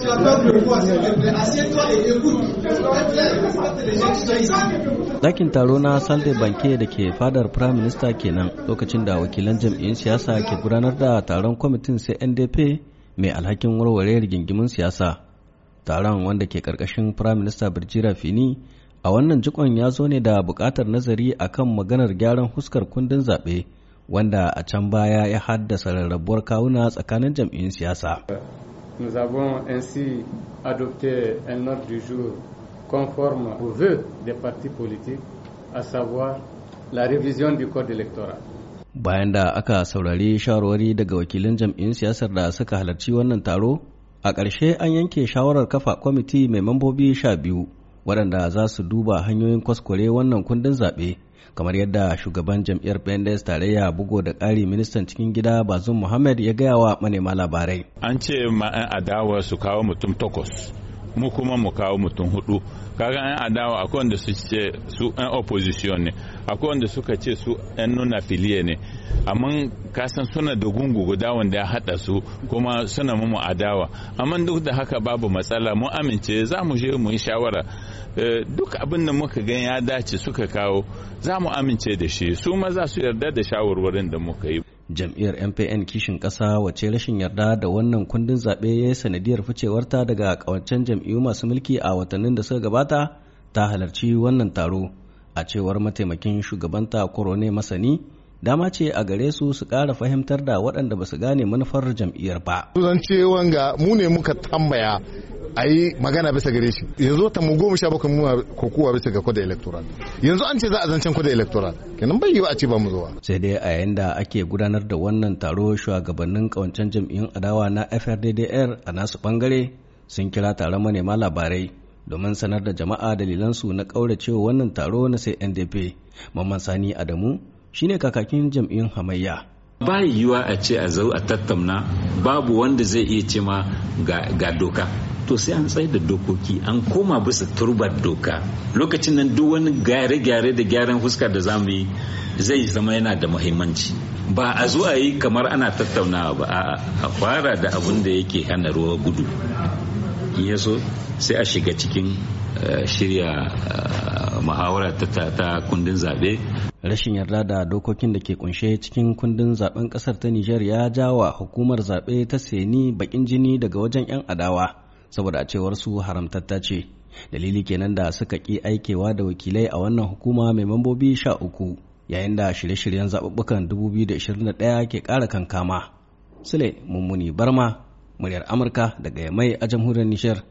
tu as peur de quoi, s'il te plaît. Assieds-toi et écoute. Dakin taro na Salde Banke da ke fadar Prime Minister kenan lokacin da wakilan jam'iyyun siyasa ke gudanar da taron kwamitin CNDP mai alhakin warware rigingimin siyasa. Taron wanda ke karkashin Prime Minister Birjira Fini a wannan jikon ya zo ne da buƙatar nazari a kan maganar gyaran huskar kundin zaɓe wanda a can baya ya haddasa rarrabuwar kawuna tsakanin jam'iyyun siyasa. Nous avons ainsi adopté un ordre du jour conforme aux vœux des partis politiques, à savoir la révision du code électoral. Bayan da aka saurari shawarwari daga wakilan jam'in siyasar da suka halarci wannan taro, a ƙarshe an yanke shawarar kafa kwamiti mai mambobi sha biyu waɗanda za su duba hanyoyin kwaskware wannan kundin zaɓe. kamar yadda shugaban jam'iyyar bendes tarayya bugo da ƙari ministan cikin gida Bazum Muhammad ya gaya wa manema labarai. An ce ma'an adawa su kawo mutum takwas. mu kuma mu kawo mutum hudu kaga yan adawa akwai wanda su ce su yan opposition ne akwai wanda suka ce su yan nuna filiye ne amma kasan suna da gungu guda wanda ya hada su kuma suna mu adawa amma duk da haka babu matsala mu amince za mu je mu yi shawara eh, duk abin da muka gan ya dace suka kawo za mu amince da shi su ma za su yarda da shawarwarin da muka yi jam'iyyar mpn kishin ƙasa wace rashin yarda da wannan kundin zaɓe ya yi sanadiyar ficewarta daga ƙawancen jam'iyyu masu mulki a watannin da suka gabata ta halarci wannan taro a cewar mataimakin shugabanta korone masani dama ce a gare su su ƙara fahimtar da waɗanda ba su gane manufar jam'iyyar ba. Zan ce wanga mu ne muka tambaya a yi magana bisa gare shi yanzu ta mu goma sha bakwai mu kokowa bisa ga kwada electoral yanzu an ce za a zancen kwada electoral kenan bai yi a ce ba mu zuwa sai dai a yayin da ake gudanar da wannan taro shugabannin kawancen jam'iyyun adawa na FRDDR a nasu bangare sun kira taron manema labarai domin sanar da jama'a dalilansu na kauracewa wannan taro na sai NDP Mamman Sani Adamu Shi ne kakakin jam'iyyun hamayya ba yiwuwa a ce a zau a tattauna babu wanda zai iya ce ma ga doka to sai an tsaye da dokoki an koma bisa turbar doka lokacin nan duk wani gyare-gyare da gyaran fuska da za mu yi zai zama yana da muhimmanci ba a zo a yi kamar ana tattaunawa ba a fara da abin da yake hana ruwa gudu in ya sai a shiga cikin eh, shirya eh, muhawara ta kundin zaɓe. Rashin yarda da dokokin da ke kunshe cikin kundin zaben ƙasar ta Nijar ya jawa hukumar zaɓe ta seni bakin jini daga wajen 'yan adawa saboda a cewar su haramtatta ce. Dalili kenan da suka ƙi aikewa da wakilai a wannan hukuma mai mambobi sha uku yayin da shirye-shiryen zaɓuɓɓukan 2021 ke ƙara kankama. Sule Mummuni Barma, muryar Amurka daga Yamai a jamhuriyar Nijar.